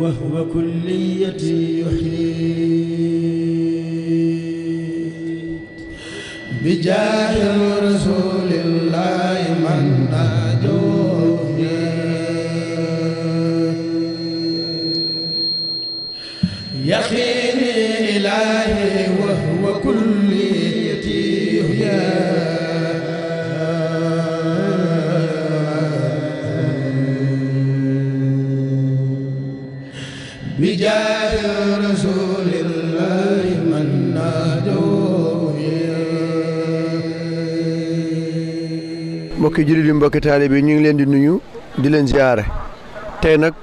وهو كليتي يحيي بجاه الله ya mbokki jullit yi mbokki taalibe ñu ngi leen di nuyu di leen ziyaare tey nag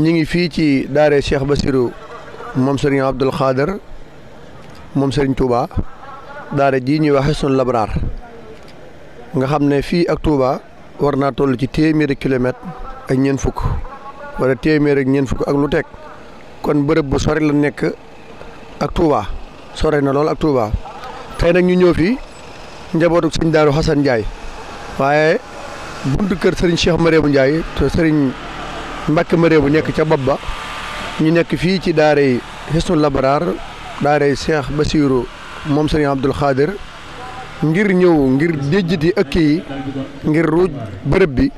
ñu ngi fii ci daare Cheikh Bassirou moom Serigne Abdoul Khader moom Serigne Touba daare jii ñuy waxe sun labraar nga xam ne fii ak Touba war naa toll ci téeméeri kilomètre ak ñeent fukk wala téeméer ak ñeent fukk ak lu teg kon bërëb bu sori la nekk ak Touba sore na lool ak Touba tey nag ñu ñëw fii njabootu sëñ Daaru Xasan Ndiaye waaye buntu kër sëriñ Cheikh Mariamu Ndiaye te sëriñ Mbacke Mariamu nekk ca bopp ba ñu nekk fii ci daaray Hisnul Abrar daaray Cheikh Bassirou moom sëriñ Abdoul Khadir ngir ñëw ngir déjjiti ëkk yi ngir ruuj bërëb bi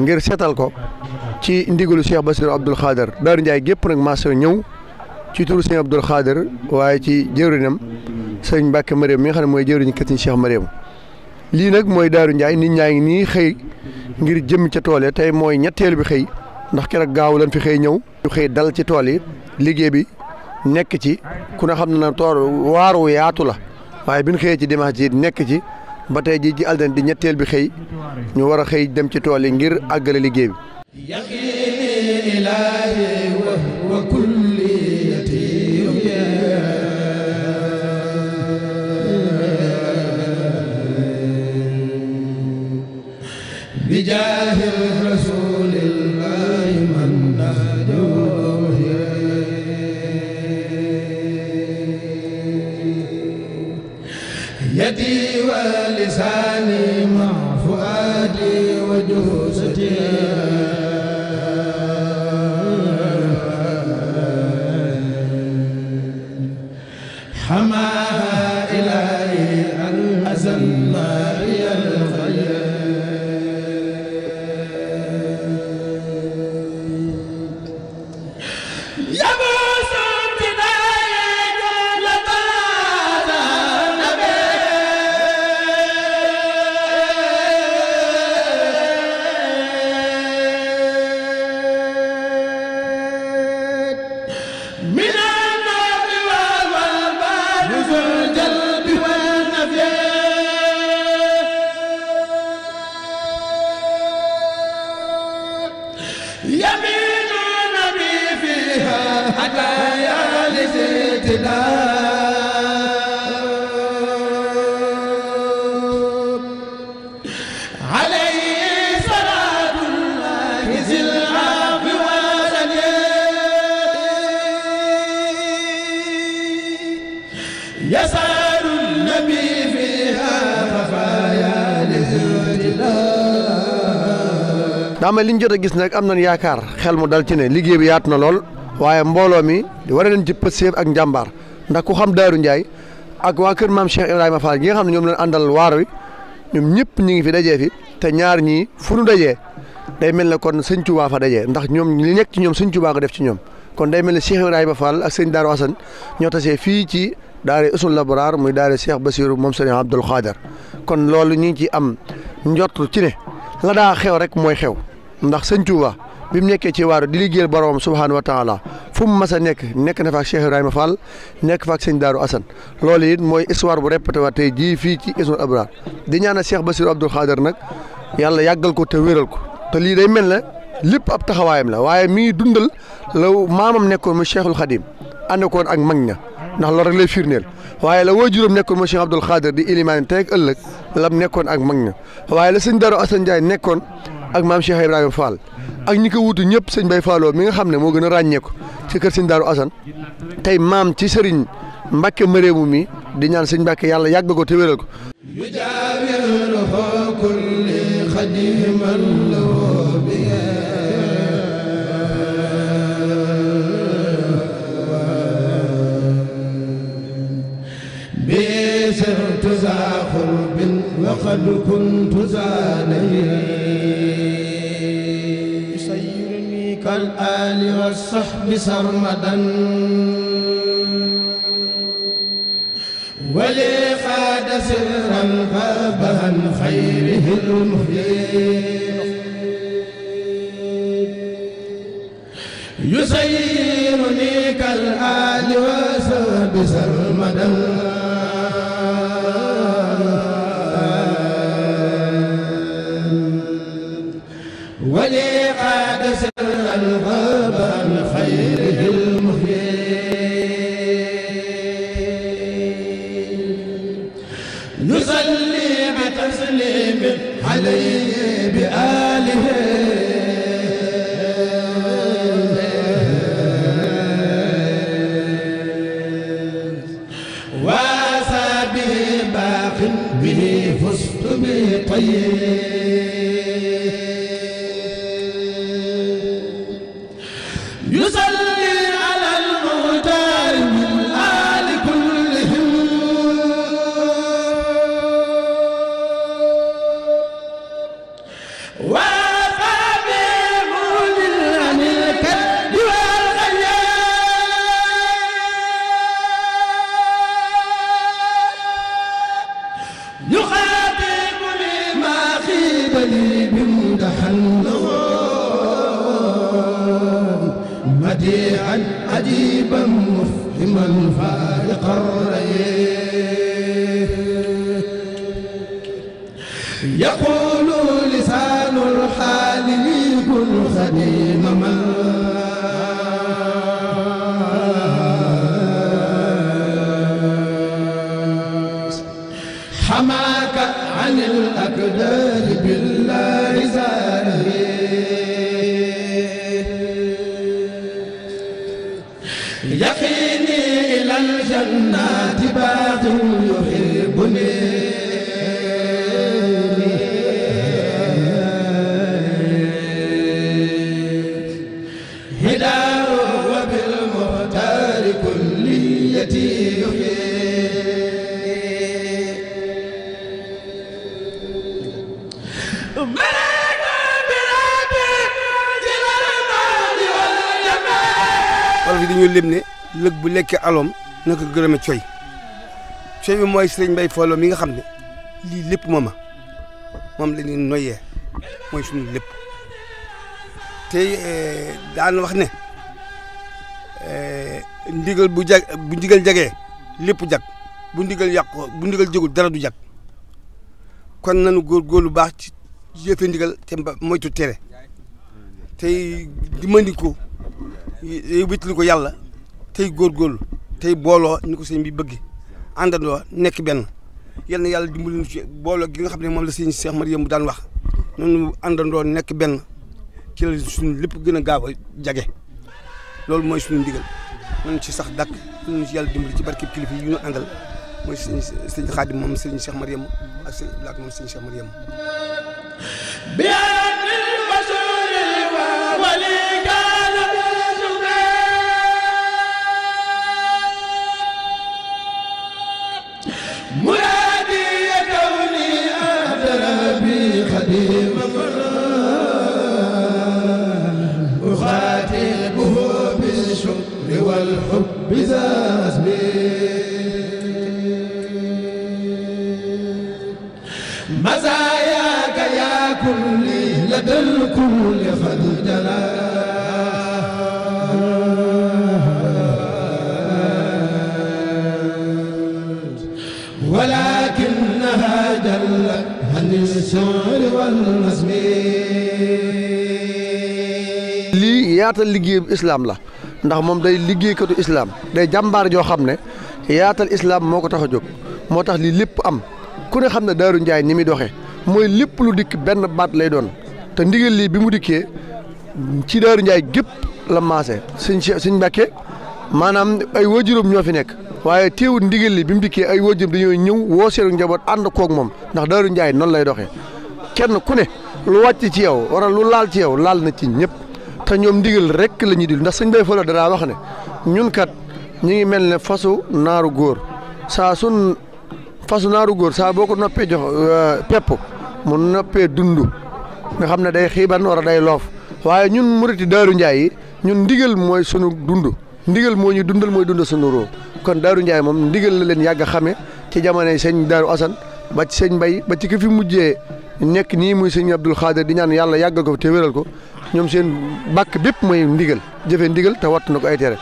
ngir seetal ko ci ndigalu Cheikh Bassirou Abdoul Khader Daaru Ndiaye gépp nag maasa ñëw ci turu sëñ Abdoul Khader waaye ci jëwrinam sëñ Mbacke Mariam mi nga xam ne mooy jëwriñu kat Cheikh Mariam lii nag mooy Daaru Ndiaye nit ñaa ngi nii xëy ngir jëm ca tool yi tey mooy ñetteelu bi xëy ndax keroog gaaw lan fi xëy ñëw xëy dal ci tool yi liggéey bi nekk ci ku ne xam ne na tool wu yaatu la waaye bi ñu xëyee ci dimanche ji nekk ci ba tey jii ci aldan di ñetteel bi xëy ñu war a xëy dem ci tool yi ngir àggale liggéey bi daa li ñu jot a gis nag am nañ yaakaar xel mu dal ci ne liggéey bi yaatu na lool waaye mbooloo mi war nañ ci pëseef ak njàmbaar ndax ku xam Daaru Ndiaye ak waa kër maam Cheikh Ibrahima Fall gi nga xam ne ñoom leen àndal waar wi ñoom ñëpp ñu ngi fi dajee fi te ñaar ñii fu nu dajee day mel ne kon sëñ Tuubaa fa dajee ndax ñoom li nekk ci ñoom sëñ Tuubaa ko def ci ñoom kon day mel ne Cheikh Ibrahima Fall ak sëñ Daaru Asan ñoo tasee fii ci daare usul laborar muy daare Cheikh Basiru moom sëñ Abdul Xaadir kon loolu ñu ngi ci am njort ci ne la daa xew rek mooy xew ndax seigne Touba bi nekké ci waru di liggéeyal borom subhanahu wa taala fum ma sa nek nek na fa Cheikh Ibrahima Fall nek fa seigne daru hasan lolé loolu it mooy histoire bu répété wa tay ji fi ci Hizbut abra di ñaanal Cheikh basir Abdoul Khader nak yàlla yagal ko te wéral ko te li day mel la lépp ab taxawayam la waye mi dundal law mamam nekkoon mu Cheikhul Khadim àndakoon ak magna ndax lo rek lay firnel waye la wajurum nekkoon mu Cheikh Abdoul Khader di iliman tek ak lam nekkon ak magna waye la seigne daru hasan jay nekkon ak maam Cheikh Ibrahima Fall ak ñi ko wutu ñëpp sëñ Bay Falloo mi nga xam ne moo gën a ràññeeku ci kër sëñ Daaru Asan tey maam ci sëriñ Mbàkke Mareemu mi di ñaan sëñ Mbàkke yàlla yàgg ko te wéral ko سرت ذا خلب وقد كنت ذا يسيرني كالآل والصحب سرمدا ولي خاد سرا غاب عن خيره المخيل يسيرني كالآل وصحب سرمدا من فارق الريح يقول لسان الحال خديم من الجنات باغ يحبني هداه وبالمختار كليتي wala fi dañoo léb ne lëg bu lekkee alom na ko gërëme coy coy bi mooy sëriñ Mbay Folo mi nga xam ne lii lépp mooma moom la ñuy mooy suñu lépp te eh, daan wax ne eh, ndigal bu jag bu ndigal jagee lépp jag bu ndigal yàqu bu ndigal jëgul dara du jag kon nanu góorgóorlu baax ci jëfe ndigal te moytu tere tey dimbali ko yéen te ko yàlla tey booloo ni ko sëñ bi bëgg àndandoo nekk benn yal na yàlla dimbali ci booloo gi nga xam ne moom la sëñ Cheikh Mariam daan wax noonu àndandoo nekk benn ci la suñu lépp gën a gaaw a jage loolu mooy suñu ndigal nañ ci sax dàkk nañ ci yàlla dimbali ci barkeb kilifa yi ñu àndal mooy sëñ sëñ Xaadim moom sëñ Cheikh Mariam ak sëñ Black moom sëñ Cheikh Mariam lii yaatal liggéeyam islaam la ndax moom day liggéeykatu islaam day jàmbaar joo xam ne yaatal islaam moo ko tax a jóg moo tax lii lépp am ku ne xam ne Daaru Njaay ni muy doxe mooy lépp lu dikk benn baat lay doon te ndigal lii bi mu dikkee ci Daaru Njaay gépp la maase suñ suñ mbàkkee maanaam ay waajuram ñoo fi nekk waaye teewut ndigal li bi mu dikkee ay wajjum dañoo ñëw woo seen njaboot ànd koog moom ndax Daaru Njaay noonu lay doxee kenn ku ne lu wàcc ci yow wala lu laal ci yow laal na ci ñëpp te ñoom ndigal rek la ñuy dil ndax sëñ Bay Fala danaa wax ne ñun kat ñu ngi mel ne fasu naaru góor saa sun fasu naaru góor saa boo ko noppee jox euh, pepp mu noppee dund nga xam ne day xiiban wala day loof waaye ñun muriti Daaru Njaay yi ñun ndigal mooy sunu dund ndigal moo ñu dundal mooy dundal sunu kon Daaru Ndiaye moom ndigal la leen yàgg a xamee ci jamonoy sëñ Daaru Assane ba ci sëñ Mbay ba ci fi mujjee nekk nii muy sëñ Abdul Xaadir di ñaan yàlla yàggal ko te wéral ko ñoom seen bàkk bépp mooy ndigal jëfe ndigal te wattu na ko ay tere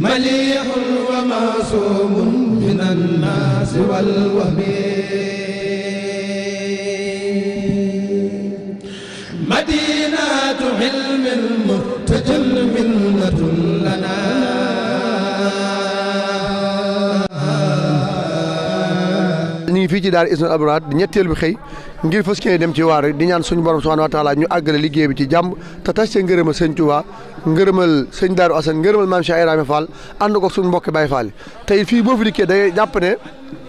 مليح ومعصوم من الناس والوهم مدينة علم مهتجل منة لنا ñu ngi fii ci daara Hizbut Abrahad ñetteel bi xëy ngir fas yéene dem ci waar rek di ñaan suñu borom subhanahu wa taala ñu àggale liggéey bi ci jàmm te tas see ngërëmal sëñ Touba ngërëmal sëñ Daaru Asan ngërëmal maam Cheikh Ibrahima Fall ànd ko suñu mbokki Baye tey fii boo fi dikkee day jàpp ne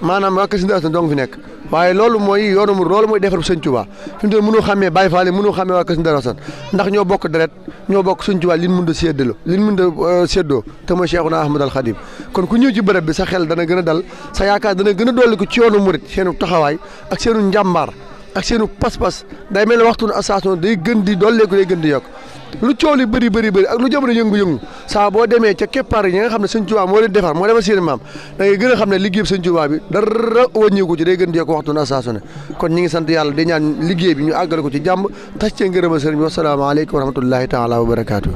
maanaam waa kër sëñ Daaru dong fi nekk waaye loolu mooy yoonu mu loolu mooy defar sëñ Touba fi mu toll mënoo xàmmee Baye Fall mënoo xàmmee waa kër sëñ Daaru Asan ndax ñoo bokk deret ñoo bokk sëñ Touba liñ mën da séddalo liñ mën da euh, séddoo te mooy Cheikhuna Ahmad al Khadim kon ku ñëw ci bërëb bi sa xel dana gën a dal sa yaakaar dana gën a ko ci yoonu murit seenu taxawaay ak seenu njàmbaar ak seenu pas-pas day mel ne waxtu association day gën di dolleeku day gën di yokk lu coow li bari bëri bëri ak lu jamono yëngu-yëngu saa boo demee ca keppaar yi nga xam ne sëñ Tuubaa moo leen defar moo defar seen maam a xam ne liggéey bi sëñ Tuubaa bi dara wàññeeku ci day gën di yokk waxtu association kon ñi ngi sant yàlla di ñaan liggéey bi ñu àggale ko ci jàmm tas cee ngërëma sëriñ bi wasalaamaaleykum wa rahmatullahi taala wa barakaatu